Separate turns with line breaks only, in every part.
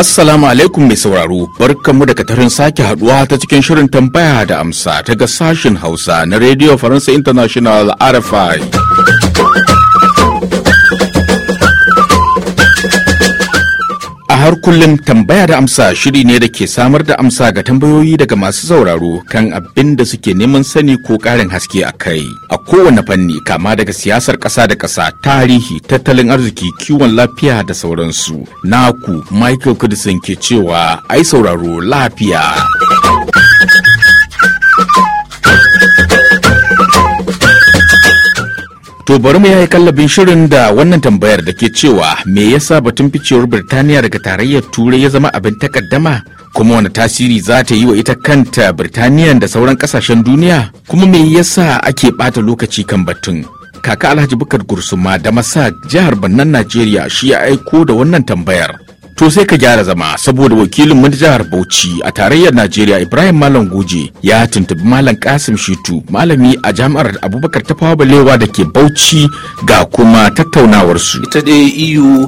Assalamu alaikum mai sauraro, barkanmu da katarin sake haduwa ta cikin shirin tambaya da amsa ta ga sashen Hausa na Radio Faransa International RFI. Har kullum tambaya da amsa shiri ne da ke samar da amsa ga tambayoyi daga masu sauraro kan abin da suke neman sani ko ƙarin haske a kai. A kowane fanni kama daga siyasar ƙasa da ƙasa, tarihi, tattalin arziki, kiwon lafiya da sauransu. Naku Michael Kudisin ke cewa ai sauraro lafiya. To bari mu yayi kallabin shirin da wannan tambayar da ke cewa me yasa batun ficewar Birtaniya daga tarayyar Turai ya zama abin takaddama kuma wani tasiri za ta yi wa ita kanta Birtaniya da sauran kasashen duniya kuma me yasa ake bata lokaci kan batun. Kaka Alhaji Bukar Gursuma da Masa jihar Bannan Najeriya shi ya aiko da wannan tambayar. to sai ka gyara zama saboda wakilin mun jihar Bauchi a tarayyar Najeriya Ibrahim Malam guje ya tuntubi Malam Kasim Shitu malami a jami'ar Abubakar ta fawa balewa da ke Bauchi ga kuma tattaunawar su
ita dai EU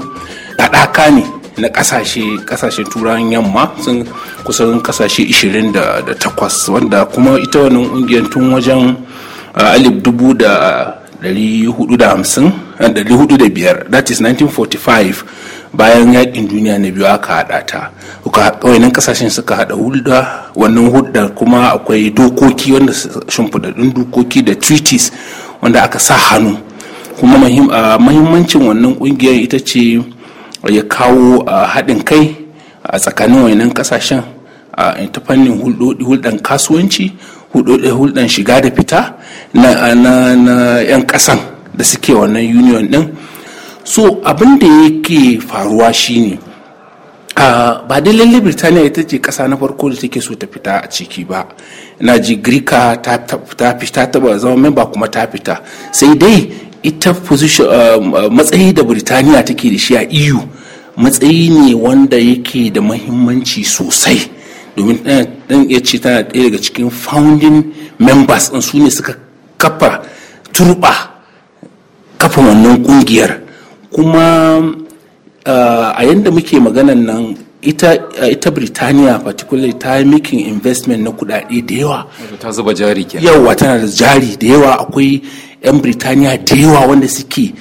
ɗaɗaka ne na ƙasashe ƙasashe turan yamma sun kusan ƙasashe 28 wanda kuma ita wannan ƙungiyar tun wajen alif dubu da 450 that is 1945 bayan yakin duniya na biyu aka haɗa ta wayannan kasashen suka haɗa hulɗa wannan hulɗar kuma akwai dokoki wanda shimfiɗaɗɗun dokoki da treaties wanda aka sa hannu kuma mahimmancin wannan ƙungiyar ita ce ya kawo haɗin kai a tsakanin wayannan kasashen ta fannin hulɗan kasuwanci hulɗan shiga da fita na 'yan ƙasan da suke wannan union ɗin abin da yake faruwa shine ba da lalle birtaniya ita ce kasa na farko da take so ta fita a ciki ba na ji girka ta fita ta zama memba kuma ta fita sai dai ita matsayi da birtaniya take da shi a eu matsayi ne wanda yake da mahimmanci sosai domin ɗan eh, iya ce tana ɗaya daga cikin founding members in su ne suka kafa turba kafa wannan ƙungiyar kuma uh, a yadda muke maganan nan ita, uh, ita Birtaniya particularly ta yi making investment na kudade da yawa. Ta zuba jari kenan. Yawa tana da jari da yawa akwai 'yan Birtaniya da yawa wanda suke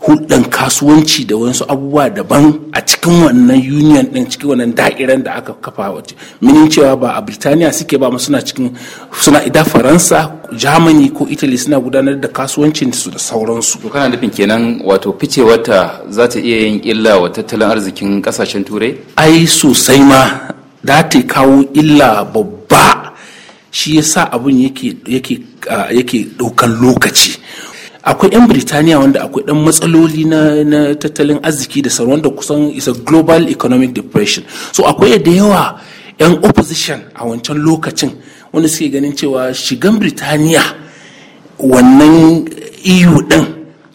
hulɗan kasuwanci da wasu abubuwa daban a cikin wannan union ɗin cikin wannan da'iran da aka kafa wace minin cewa ba a birtaniya suke ba ma suna cikin suna ida faransa germany ko italy suna gudanar da kasuwancin su da sauransu to kana nufin kenan wato ficewarta za ta iya yin illa wa tattalin arzikin kasashen turai ai sosai ma da ta kawo illa babba shi yasa abun yake yake yake ɗaukan lokaci akwai 'yan Birtaniya wanda akwai ɗan matsaloli na, na tattalin arziki da sauran wanda kusan isa global economic depression so akwai da yawa 'yan opposition a wancan lokacin wanda suke ganin cewa shigan Birtaniya wannan EU ɗin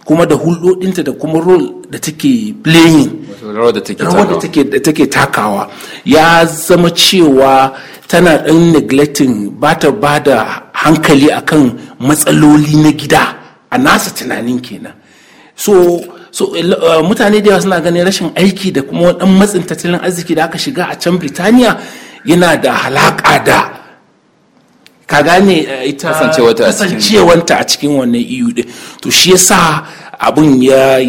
kuma da hulɗoɗinta da kuma role da take playing rawar da take takawa ya zama cewa tana ɗan neglecting ba ta ba da hankali akan matsaloli na gida a nasa tunanin kenan so so uh, mutane da yawa suna ganin rashin aiki da kuma dan matsin tattalin arziki da aka shiga a can Birtaniya yana da halaka da ka gane uh, ita kasancewanta a cikin wannan EU din to shi yasa abun ya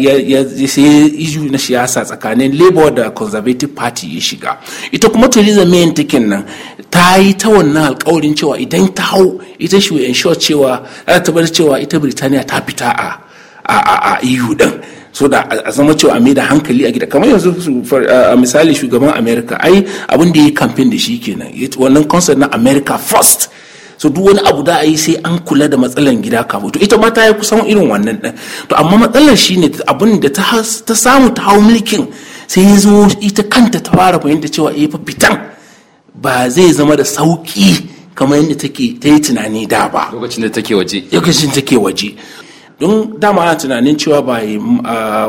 sai iju na siyasa tsakanin labour da conservative party ya shiga ita kuma theresa may ta nan ta yi ta wannan alkawarin cewa idan ta hau ita shi ensure cewa ta tabbatar cewa ita birtaniya ta fita a a eu din so da a zama cewa a maida hankali a gida kamar yanzu a misali shugaban america ai abin da ya yi kamfen da shi kenan wannan concert na america first so duk wani abu da a yi sai an kula da matsalar gida kafin to ita ma ta yi kusan irin wannan ɗin to amma matsalar shine abin da ta samu ta hau mulkin sai ya zo ita kanta ta fara fahimta cewa eh fa fitan ba zai zama da sauki kamar yadda take ta yi tunani da ba lokacin da take waje lokacin take waje don dama ana tunanin cewa ba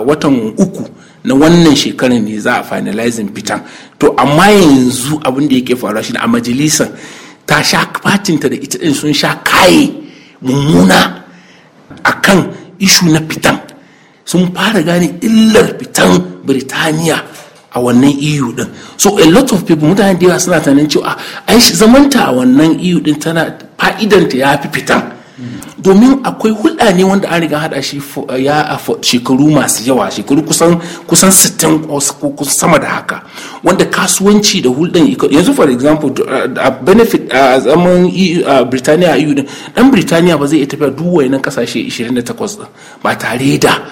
watan uku na wannan shekarar ne za a finalizing fitan to amma yanzu abin da yake faruwa shi a majalisar ta sha fatinta da ita ɗin sun sha kaye mummuna a kan ishu na fitan sun fara gane illar fitan birtaniya a wannan eu ɗin so a lot of people mutane da yawa suna tunanin cewa ai zamanta a wannan eu din tana fa'idanta ya fi fitan domin akwai hulɗa ne wanda an riga haɗa shi ya shekaru masu yawa shekaru kusan kusan 60 ko sama da haka wanda kasuwanci da hulɗan yanzu for example uh, a benefit a zaman e Birtaniya a e EU ɗan dan Birtaniya ba zai iya tafiya duk wayannan kasashe 28 ba tare da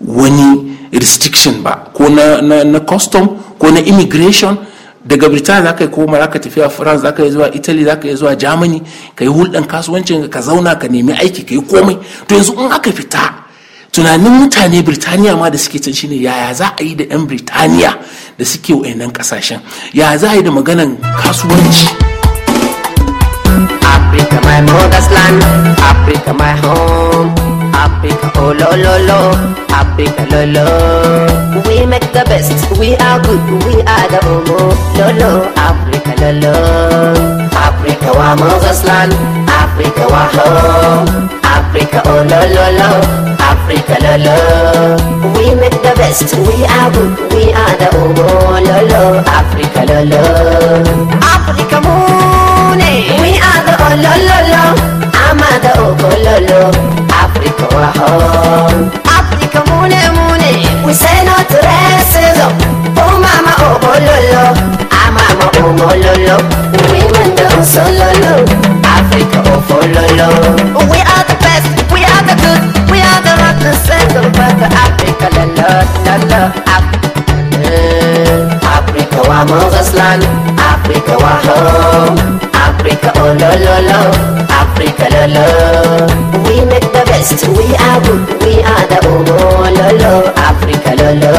wani restriction ba ko na custom ko na immigration daga birtaniya za ka yi koma za ka tafi a france za ka yi zuwa italy za ka yi zuwa germany ka yi hulɗan kasuwancin ka zauna ka nemi aiki ka yi komai to yanzu in aka fita tunanin mutane birtaniya ma da suke can shine yaya za a yi da 'yan birtaniya da suke wa'annan kasashen ya za a yi da maganan kasuwanci
Africa my mother's land, my home. Africa, oh lo lo lo, Africa lo lo. We make the best, we are good, we are the homo lo lo, Africa lo lo. Africa wa Moses land, Africa wa home, Africa oh lo lo lo, Africa lo lo. We make the best, we are good, we are the homo lo lo, Africa lo lo. Africa moon, we are the oh lo lo lo mata ogololo Africa home Africa mune mune We say no to racism Oh mama ogololo Ah mama ogololo Women do sololo Africa ofololo We are the best, we are the good We are the rock, the center But the Africa lolo, lolo. Africa eh, wa mother's land Africa wa home Africa oh lo lo Africa, la la. We make the best, we are good, we are the Omo, la la. Africa, la la.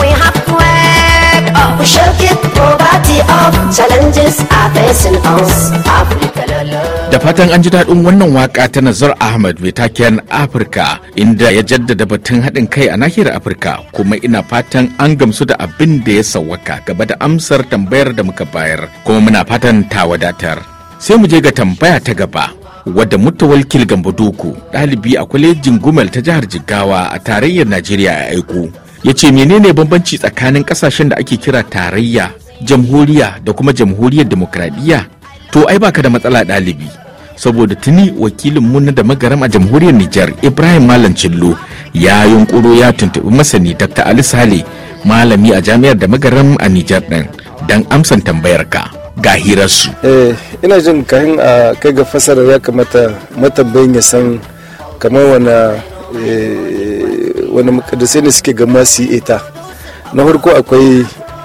We have to wake up, we shall get poverty up. challenges are facing us, Africa, la la. Da
fatan an ji daɗin wannan waka ta Nazar Ahmad mai taken Afirka inda ya jaddada batun haɗin kai a nahiyar Afirka kuma ina fatan an gamsu da abin da ya sawwaka gaba da amsar tambayar da muka bayar kuma muna fatan ta wadatar. sai mu je ga tambaya ta gaba wadda mutawalkil gambaduku ɗalibi a kwalejin gumel ta jihar jigawa a tarayyar najeriya ya aiko ya ce menene bambanci tsakanin ƙasashen da ake kira tarayya jamhuriya da kuma jamhuriyar demokradiyya to ai baka da matsala ɗalibi saboda tuni wakilin Muna na da magaram a jamhuriyar Nijar Ibrahim Malam Cillo ya yunkuro ya tuntubi masani Dr. Ali Sale malami a jami'ar da magaram a Nijar ɗin dan amsan tambayar ka. ga hirarsu.
Eh, ina jin kahin a kai ga fasara ya kamata matambayin ya san kamar wana eh, wani makadasai ne suke gama su yi ita. Na farko akwai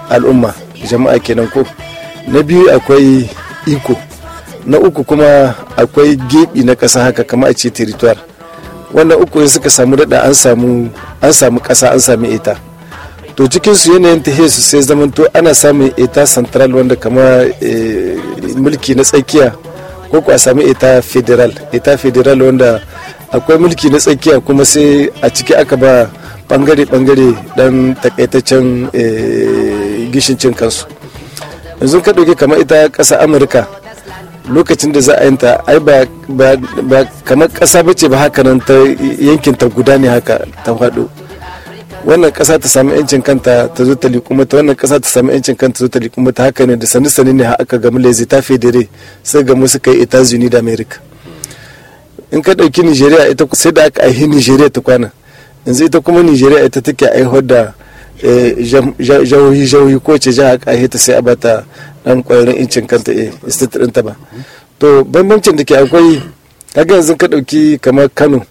al'umma jama'a kenan ko. Na biyu akwai iko. Na uku kuma akwai gebi na ƙasa haka kama a ce territoire. Wannan uku suka samu daɗa an samu ƙasa an sami ita. to cikin su yanayin ta su sai zaman to ana samun eta central wanda kama eh, mulki na tsakiya ko kuwa sami eta federal eta federal wanda akwai mulki na tsakiya kuma sai a ciki aka ba bangare-bangare dan takaitaccen eh, gishincin kansu yanzu ka ɗauki kama ita ƙasa amurka lokacin da za a yanta ai ba kamar ƙasa bace ba haka nan ta yankin ta guda ne haka ta faɗo wannan kasa ta samu yancin kanta ta zo ta likuma ta wannan kasa ta samu yancin kanta ta zo ta likuma ta haka ne da sani sani ne aka gamu lezi ta federe sai gamu suka yi Estados unis da America in ka dauki Nigeria ita sai da aka aihi Nigeria ta kwana yanzu ita kuma Nigeria ita take aihuwar da eh, jahohi jahohi ko ce jaha aka aihe ta sai a bata dan kwarin incin kanta eh state ɗinta ba to bambancin da ke akwai kaga yanzu ka dauki kamar Kano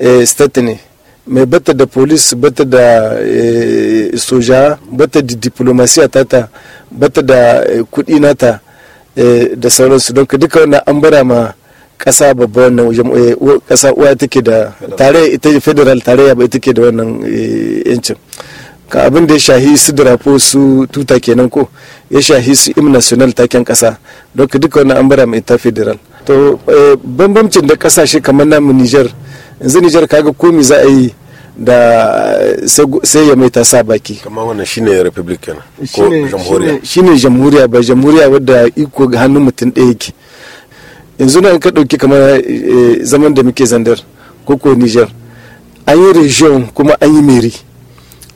eh, state ne mai bata da polis bata da eh, soja bata da diplomasiya tata bata da eh, kudi nata eh, da sauransu don duka wannan an bara ma kasa babba wannan kasa uwa ke da tare ita federal tare ya ba ita ke da wannan yancin ka abin da ya shahi su drapo su tuta kenan ko ya shahi su im national taken kasa don duka wannan an bara ma ita federal to bambamcin da kasashe kamar namu niger yanzu nijar kaga komi za a yi da sai ya mai ta sa baki kamar wannan shine republic kenan ko jamhuriya shine jamhuriya ba jamhuriya wadda iko ga hannun mutum ɗaya yake yanzu na ka ɗauki kamar eh, zaman da muke zandar ko ko nijar an yi region kuma an yi meri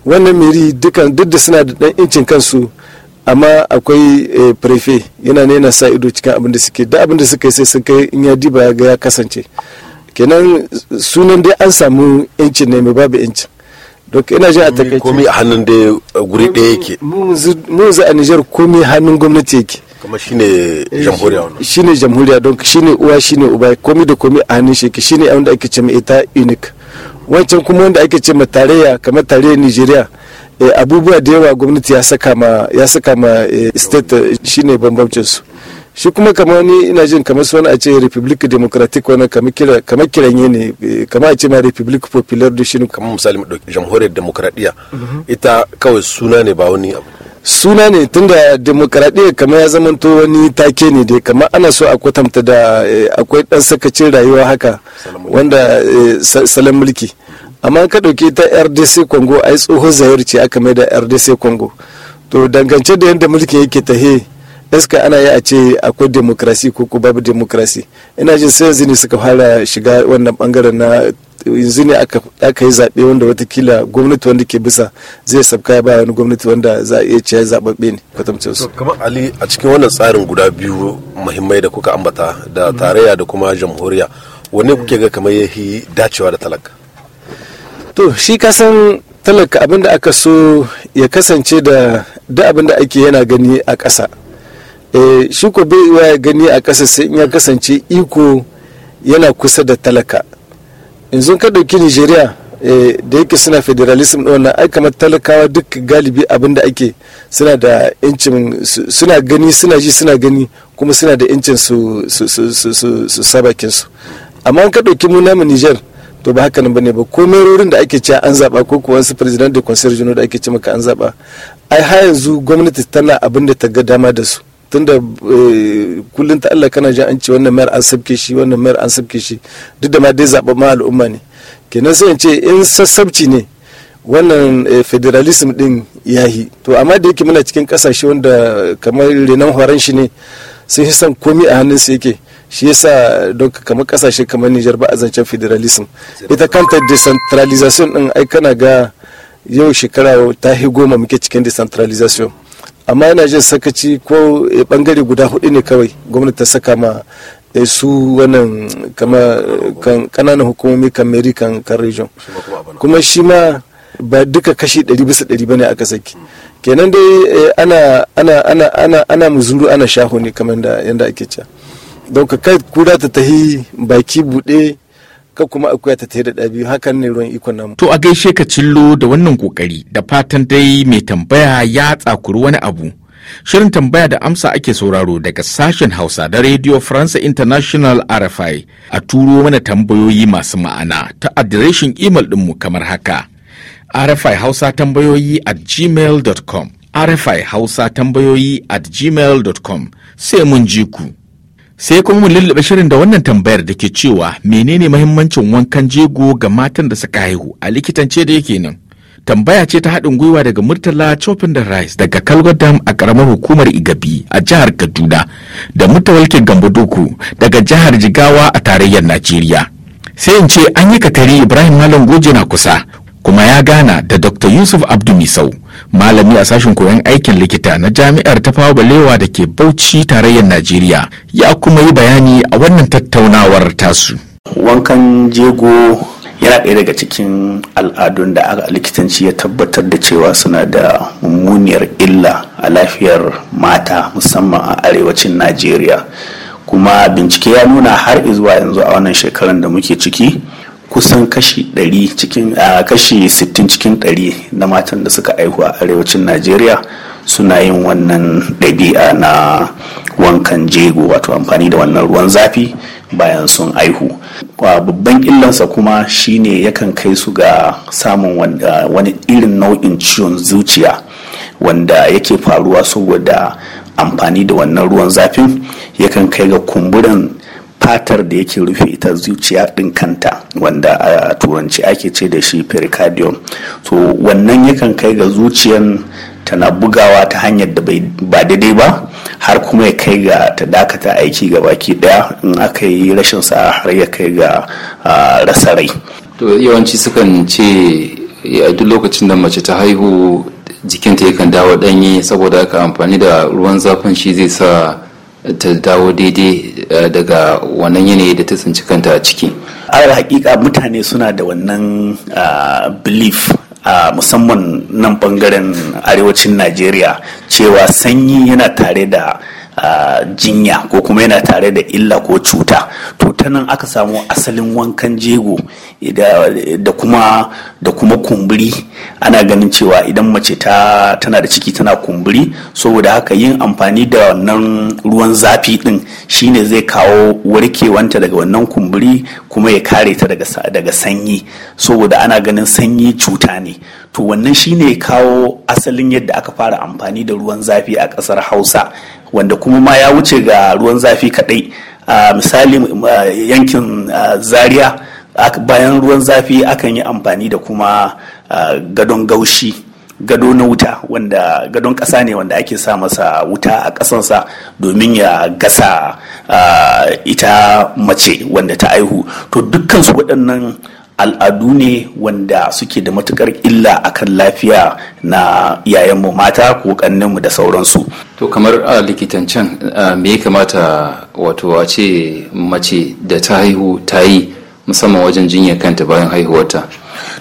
wannan meri dukan duk da suna da ɗan incin kansu amma akwai eh, prefe yana ne yana sa ido cikin abin da suke da abin da suka yi sai sun kai in ya diba ga ya kasance kenan sunan dai an samu yancin ne mai babu yancin duk ina ji a takaice komai a hannun da guri ɗaya yake mu za a Nijar komi hannun gwamnati yake kuma shine eh, jamhuriya wannan shine jamhuriya don shine uwa shine uba komi da komi a hannun shi yake shine wanda ake ce ita unique wancan kuma wanda ake ce tarayya kamar tarayyar Nijeriya eh, abubuwa da yawa gwamnati ya saka ma ya saka ma eh, state shine bambancin su shi kuma kamar ni ina jin kamar su wani a ce republic democratic wani kamar kiranye ne eh, kamar a ce ma republic popular da shi ne kamar misali mu ɗauki
jamhuriyar demokradiyya
ita kawai suna ne ba wani abu suna ne tunda demokradiyya kamar ya to wani take ne dai kamar ana so a kwatanta da eh, akwai dan sakacin rayuwa haka wanda eh, salon mulki amma ka ɗauki ta rdc congo ai tsohon zahirci aka mai da rdc congo to dangance da yadda mulki yake tahe iska ana yi a ce akwai demokrasi ko ko babu demokrasi ina jin sai yanzu ne suka fara shiga wannan bangaren na yanzu ne aka yi zaɓe wanda watakila gwamnati wanda ke bisa zai sabka ya ba wani gwamnati wanda za a iya ce ya zaɓaɓɓe ne kwatamcin su. kamar ali a cikin wannan tsarin guda biyu muhimmai da kuka ambata da mm. tarayya da kuma jamhuriya wanne kuke ga kamar ya yi dacewa da talaka. to shi kasan talaka abinda aka so ya kasance da duk abinda ake yana gani a ƙasa Eh, shi ko bai iya gani a ƙasa sai in ya kasance iko yana kusa da talaka yanzu ka ɗauki nigeria eh, da yake suna federalism wannan ai kamar talakawa duk galibi abin da ake suna da yancin suna gani suna ji suna gani kuma suna da yancin su sabakinsu su amma ka ɗauki mu namu niger to ba haka nan bane ba ko merorin da ake cewa an zaba ko kuwa su president da conseil da ake ce maka an zaba ai har yanzu gwamnati tana abin da ta ga dama da su tunda eh, kullum ta Allah kana jin an ce wannan mayar an sabke shi wannan mayar an sabke shi duk da ma dai zaɓa ma al'umma ne kenan sai in ce in sassabci ne wannan eh, federalism din yahi to amma da yake muna cikin kasashe wanda kamar renan horon shi ne sun fi son komi a hannun su yake shi yasa don kamar kasashe kamar Nijar ba a zancen federalism ita kanta decentralization din ai kana ga yau shekara ta goma muke cikin decentralization amma yana jin sakaci ko bangare eh, guda hudu ne kawai gwamnati ta saka ma eh, su wannan kama kananan hukumomi kan meri kan region kuma shi ma ba duka kashi 100 bisa 100 bane aka saki kenan dai eh, ana ana ana ana ana muzuru ana shaho ne kamar da yanda ake cewa don ka kai kura ta tahi baki bude ka kuma akuya ta tare da ɗabi'u hakan ne ruwan ikon namu.
To a gaishe ka cillo da wannan kokari da fatan dai mai tambaya ya tsakuri wani abu. Shirin tambaya da amsa ake sauraro daga sashen Hausa da Radio France International RFI a turo mana tambayoyi masu ma'ana ta adireshin imel ɗinmu kamar haka. RFI Hausa tambayoyi at gmail.com RFI Hausa tambayoyi at gmail.com sai mun ji ku. sai kuma mu lullube shirin da wannan tambayar da ke cewa menene mahimmancin wankan jego ga matan da suka haihu a likitance da yake nan tambaya ce ta haɗin gwiwa daga murtala chopin da rice daga kalgodam a ƙaramar hukumar igabi a jihar kaduna da mutawalke gambadoku daga jihar jigawa a tarayyar najeriya sai in ce an yi kakari ibrahim malam goje na kusa kuma ya gana da dr yusuf abdu misau malami a sashen koyon aikin likita na jami'ar ta balewa da ke bauchi tarayyar
najeriya ya kuma yi bayani a wannan tattaunawar tasu wankan jego yana ɗaya daga cikin al'adun da aka likitanci ya tabbatar da cewa suna da mummuniyar illa a lafiyar mata musamman a arewacin najeriya kuma bincike ya nuna har izuwa yanzu a wannan shekarar da muke ciki kusan kashi 100 cikin kashi 60 cikin 100 na matan da suka aihu a arewacin najeriya suna yin wannan ɗabi'a na wankan jego wato amfani da wannan ruwan zafi bayan sun aihu babban illansa kuma shine yakan kai su ga samun wani irin nau'in ciwon zuciya wanda yake faruwa saboda amfani da wannan ruwan zafin yakan kai ga kumburin fatar da yake rufe ita zuciya ɗin kanta wanda a turanci ake ce da shi pericardium so wannan yakan kai ga zuciyan tana bugawa ta hanyar da ba daidai ba har kuma ya kai ga ta dakata aiki ga baki daya in aka yi rashin sa har ya kai ga
rasa rai to yawanci sukan ce a duk lokacin da mace ta haihu jikinta yakan dawo danyi saboda aka amfani da ruwan zafin shi zai sa ta dawo daidai eh, daga wannan yanayi da ta tsinci kanta a ciki Ayar hakika
mutane suna da wannan ah, belief a musamman nan bangaren arewacin najeriya cewa sanyi yana tare da jinya ko kuma yana tare da illa ko cuta to ta nan aka samu asalin wankan jego da kuma kumburi ana ganin cewa idan mace ta tana da ciki tana kumburi saboda haka yin amfani da wannan ruwan zafi din shine zai kawo warkewanta daga wannan kumburi kuma ya kare ta daga sanyi saboda ana ganin sanyi cuta ne to wannan shine ya kawo asalin yadda aka fara amfani da ruwan zafi a ƙasar hausa wanda kuma ma ya wuce ga ruwan zafi kaɗai a misali yankin zaria bayan ruwan zafi akan yi amfani da kuma gadon gaushi gado na wuta wanda gadon ƙasa ne wanda ake sa masa wuta a ƙasansa domin ya gasa ita mace wanda ta aihu to dukkan su waɗannan al'adu ne wanda suke da matukar illa akan lafiya na 'ya'yanmu mata ko mu da sauransu to kamar a likitancen me ya
kamata wato a ce mace da ta haihu ta yi musamman wajen jinya kanta bayan haihuwarta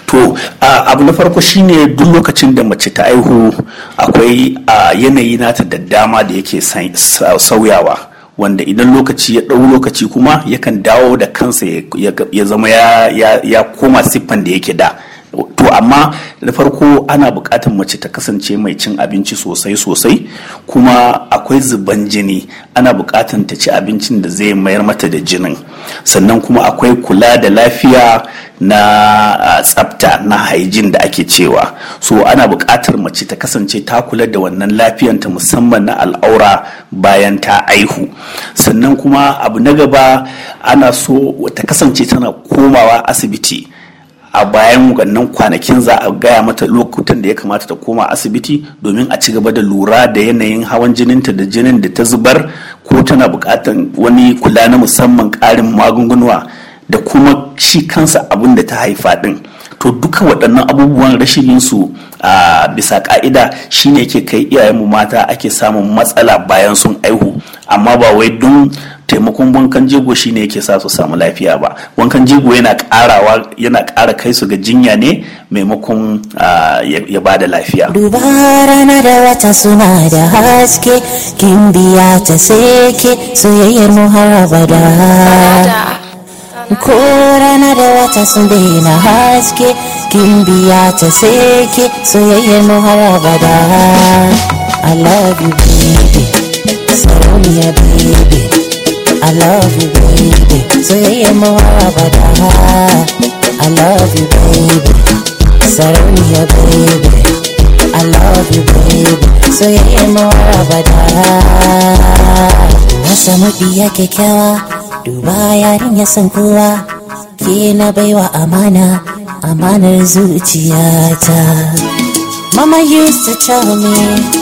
to abu na farko shine duk lokacin da mace ta
haihu akwai yanayi nata da dama da yake sauyawa wanda idan lokaci ya ɗau lokaci kuma yakan dawo da kansa ya zama ya koma siffan da yake da to amma da farko ana buƙatar mace ta kasance mai cin abinci sosai sosai kuma akwai zuban jini ana buƙatar ta ci abincin da zai mayar mata da jinin sannan kuma akwai kula da lafiya na ah, tsafta na haijin da ake cewa so ana buƙatar mace ta kasance ta kula da wannan lafiyanta musamman na al'aura bayan ta aihu sannan kuma abu na gaba ana so ta kasance tana komawa asibiti a bayan wannan kwanakin za a gaya mata lokutan da ya kamata ta koma asibiti domin a ci gaba da lura da yanayin hawan jininta da jinin da ta zubar ko tana bukatan wani kula na musamman ƙarin magunguna da kuma shi kansa abin da ta haifa ɗin to duka waɗannan abubuwan rashin yin su a bisa ka'ida shine ke kai iyayenmu mata ake samun matsala bayan sun aihu amma ba wai don taimakon wankan jego shine yake sa su samu lafiya ba wankan jego yana karawa yana kara kai su ga jinya ne maimakon ya ba da lafiya
dubara na da wata suna da haske kin biya ta seke soyayyar mu har abada ko rana da wata sun na haske kin biya ta seke soyayyar mu har abada i love you baby sarauniya baby I love you, baby. Soyayya mawara bada. I love you, baby. Sarauniya, baby. I love you, baby. Soyayya mawara bada. Na samu biya kyakkyawa, duba yarin ya san kowa. Ke na baiwa amana, amanar zuciyata. Mama used to tell me,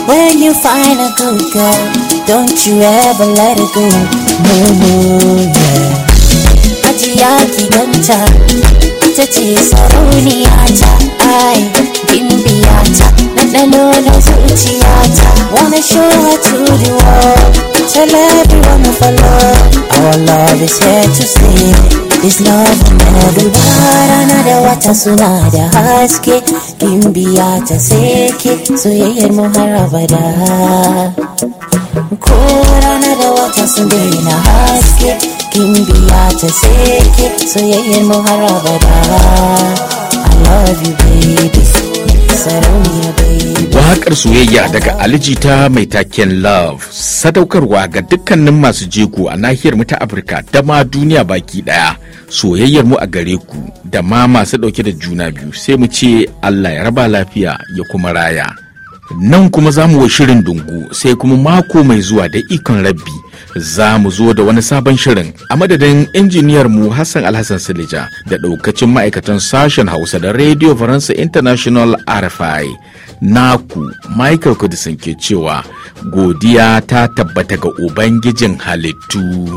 when you find a good girl, don't you ever let her go. Ajiya gidanta ita ce sarauniya ta ai bimbiya ta na zuciya ta wanna show her to the world tell everyone of our love our love is here to stay rana da wata suna da haske bimbiya ta sai ke soyayyar mu har abada ko da wata sun daina haske ta seke soyayyar mu har abada i love you baby
waƙar soyayya daga alijita mai taken love sadaukarwa ga dukkanin masu jego a nahiyar mu ta afirka da ma duniya baki daya soyayyar mu a gare ku da ma masu dauke da juna biyu sai mu ce allah ya raba lafiya ya kuma raya nan kuma za mu shirin dungu sai kuma mako mai zuwa da ikon rabbi za mu zo da wani sabon shirin a madadin injiniyar mu hassan alhassan silija da daukacin ma'aikatan sashen hausa da radio faransa international rfi naku michael kudisin ke cewa godiya ta tabbata ga ubangijin halittu.